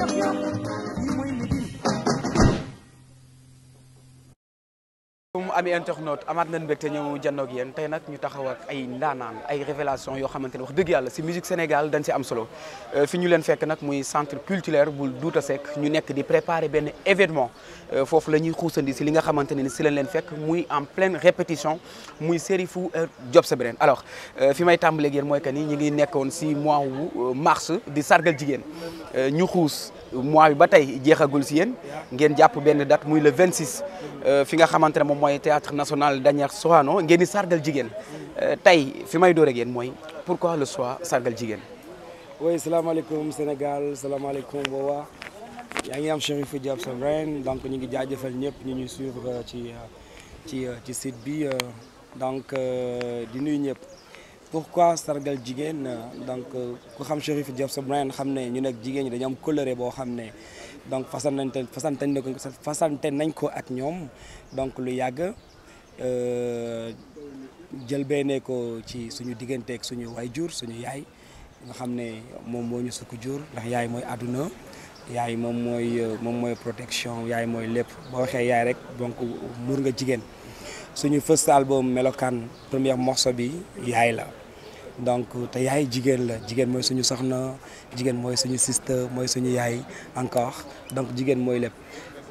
yëpp yëpp salaam ami internaute amaat nañ mbégte ñëw jànnoo ak yéen tey nag ñu taxaw ay ndaanaan ay révélation yoo xamante ne wax dëgg yàlla si musique Sénégal dañ si am solo euh, fi ñu leen fekk nag muy centre culturel bu Douta Seck ñu nekk di préparer benn événement euh, foofu la ñuy xuusandi si li nga xamante ne si lañ leen fekk muy en pleine répétition muy fu Job sa beneen alors euh, fi may tàmbaleeg yéen mooy que ni ñu ngi nekkoon si mois wu mars di sargal jigéen ñu xuus mois ba tey jeexagul si yéen ngeen jàpp benn date muy le 26 euh, fi nga xamante ne moom mooy théâtre national Daniel Sorano ngeen di sargal jigéen euh, tey fi may door ak yéen mooy pourquoi le choix sargal jigéen. oui salaamaaleykum Sénégal salaamaaleykum Bowa yaa ngi am Chérifou Diop Sovrène donc ñu ngi jaajëfal ñëpp ñu ñuy suivre ci euh, ci ci site bi donc di nuyu ñëpp. pourquoi sargal jigéen euh, donc euh, ku xam Chérif Diop sa Brian xam ne ñu nekk jigéen ñi dañoom am coloré boo xam ne donc fasante fasante nañ ko fasante nañ ko ak ñoom donc lu yàgg euh, jël beenee ko ci suñu diggante ak suñu jur suñu yaay nga xam ne moom moo ñu sukk jur ndax yaay mooy àdduna yaay moom mooy moom mooy protection yaay mooy lépp boo waxee yaay rek donc muur nga jigéen suñu first album melokaan première morceau bi yaay la donc te yaay jigéen la jigéen mooy suñu soxna jigéen mooy suñu sister mooy suñu yaay encore donc jigéen mooy lépp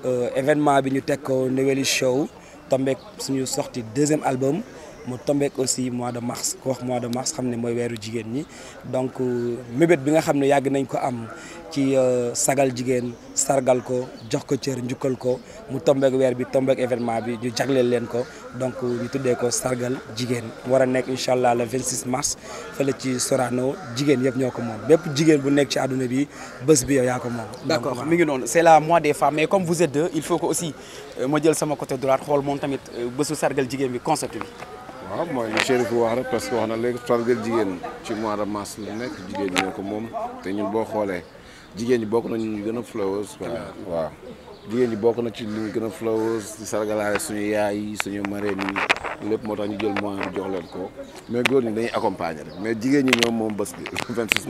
euh, événement bi ñu teg ko Neweli Show tombeek suñu sorti deuxième album mu tombeek aussi mois de mars ku wax mois de mars xam ne mooy weeru jigéen ñi donc euh, mébét bi nga xam ne yàgg nañ ko am ci euh, sagal jigéen sargal ko jox ko cër njukkal ko mu tombeek weer bi tombeek événement bi ñu jagleel leen ko donc euh, ñu tuddee ko sargal jigéen war a nekk incha allah le 26 mars fële ci Sorano jigéen yëpp ñoo ko moom bépp jigéen bu nekk ci àdduna bi bés bi yow yaa ko moom. d'accord noonu c'est la mois des femmes mais comme vous êtes deux euh, sama côté droite xool moom tamit bésu sargal jigéen bi concept waaw mooy li Chérif wax rek parce wax na léegi sargal jigéen ci mois de mars la nekk jigéen ñoo ko moom te ñun boo xoolee. jigéen ñi bokk nañu gën a flowers ah, waaw waaw jigéen ñi bokk na ci li ñu gën a flowers di suñu yaay suñu marraine yi moo tax ñu jël moyen jox leen ko mais góor ñi accompagner mais jigéen ñi ñoom moom bés bi 26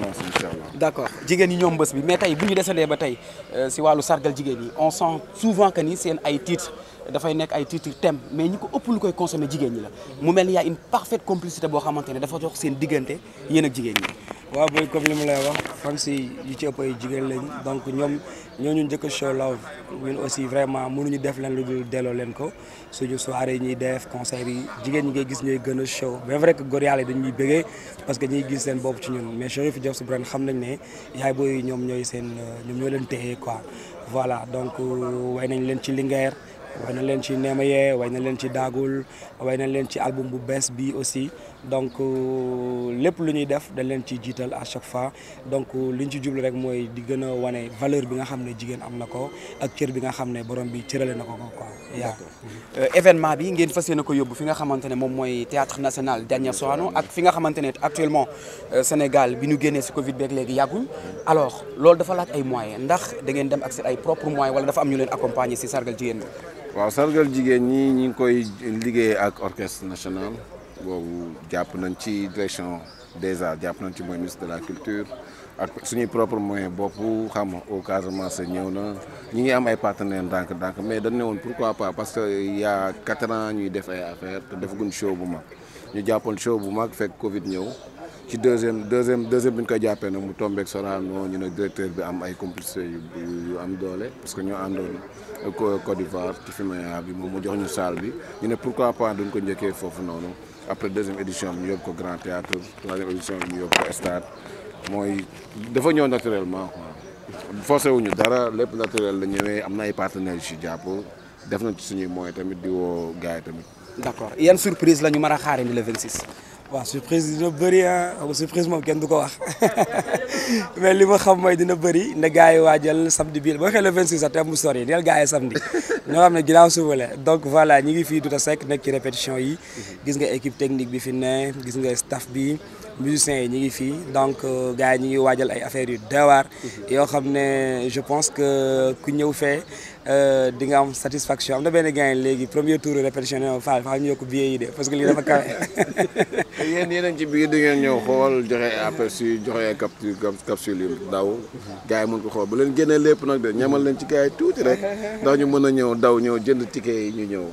d' accord jigéen ñi ñoom bés bi mais tey bu ñu desandee ba tey euh, si wàllu sargal jigéen ñi on sent souvent que ni seen ay titres dafay nekk ay titres thème mais ñu ko ëpp lu koy consommer jigéen ñi la. mu mel ni y' a une parfaite complicité boo xamante ne dafa jox seen diggante yéen ak jigéen ñi. waaw booy comme li mu lay wax fans yi ci ëpp ay jigéen lañ donc ñoom ñoo ñu njëkk a show love ñun aussi vraiment mënuñu def leen lu dul delloo leen ko suñu soirée yi ñuy def concert yi jigéen ñi ngay gis ñooy gën a show mais vrai que góor yàlla dañuy bëggee parce que ñuy gis seen bopp ci ñun mais Cherif Diop Brand xam nañ ne yaay booy ñoom ñooy seen ñoom ñoo leen téye quoi voilà donc euh, way nañ leen ci Linguère way na leen ci Neemaye way na leen ci Daagul way na leen ci album bu bees bi aussi donc euh, lépp lu ñuy def dañ leen ci jiital a chaque fois donc euh, lu ñu ci jublu rek mooy di gën a wane valeur bi nga xam ne jigéen am na ko ak cër bi nga xam ne borom bi cërale na ko ko quoi. d'accord euh, événement bi ngeen fas yéene fi nga xamante ne moom mooy théâtre national Daniel Sorano ak fi nga xamante ne actuellement Sénégal bi ñu génnee si Covid beeg léegi yàggul alors loolu dafa laaj ay moyen ndax da ngeen dem ak seen ay propres wala dafa ñu leen accompagner si sargal jigéen waaw sargal jigéen ñi ñi ngi koy liggéey ak orchestre national boobu jàpp nañ ci direction des jàpp nañ ci mooy ministre de la culture ak suñuy propre moyen bopp xam au Casamance ñëw na ñi ngi am ay partenaires ndànk ndànk mais dañ ne woon pourquoi pas parce que y a quatre ans ñuy def ay affaire te defaguñ show bu mag ñu jàppoon show bu mag fekk Covid ñëw ci deuxième deuxième deuxième bi ñu koy jàppee nag mu tombeek Sorano ñu ne directeur bi am ay complicité yu am doole parce que ñoo àndoon Côte d'Ivoire ci FIMEA bi moom mu jox ñu salle bi ñu ne pourquoi pas duñ ko njëkkee foofu noonu après deuxième édition bi ñu yóbbu ko Grand Théâtre troisième édition bi ñu yóbbu ko stade mooy dafa ñëw naturellement quoi forcé wuñu dara lépp naturel la ñëwee am na ay partenaires yu si jàpp def nañ ci suñuy moyens tamit di woo gars yi tamit. d'accord yan surprise la ñu mën a xaarandi le 26. waaw surprise dina bëri ah surprise moom kenn du ko wax mais li ma xam mooy dina bëri na gars yi waajal samedi bii boo xëy le 26 sax te mu sori neel gars yi samedi ñoo xam ne ginnaaw suba la donc voilà ñi ngi fii Douta Seck nekk ci répétition yi mhm. gis nga équipe technique bi fi ne gis nga staff bi musiciens yi ñi ngi fii donc euh, gars yi ñi ngi waajal ay affaires yu deewaar mhm. yoo xam ne je pense que ku ñëw fee euh, di nga am satisfaction am na benn gars yi léegi premier tour répétition ne Fall fa ñu yokk billet yi de parce que lii dafa kawe yéen yéen ci biir di ngeen ñëw xool joxe aperçu joxe capture capsule yu daw gars yi mën ko xool bu leen génnee lépp nag de ñamal leen ci gars yi tuuti rek ndax ñu mën a ñëw daw ñëw jënd ticket yi ñu ñëw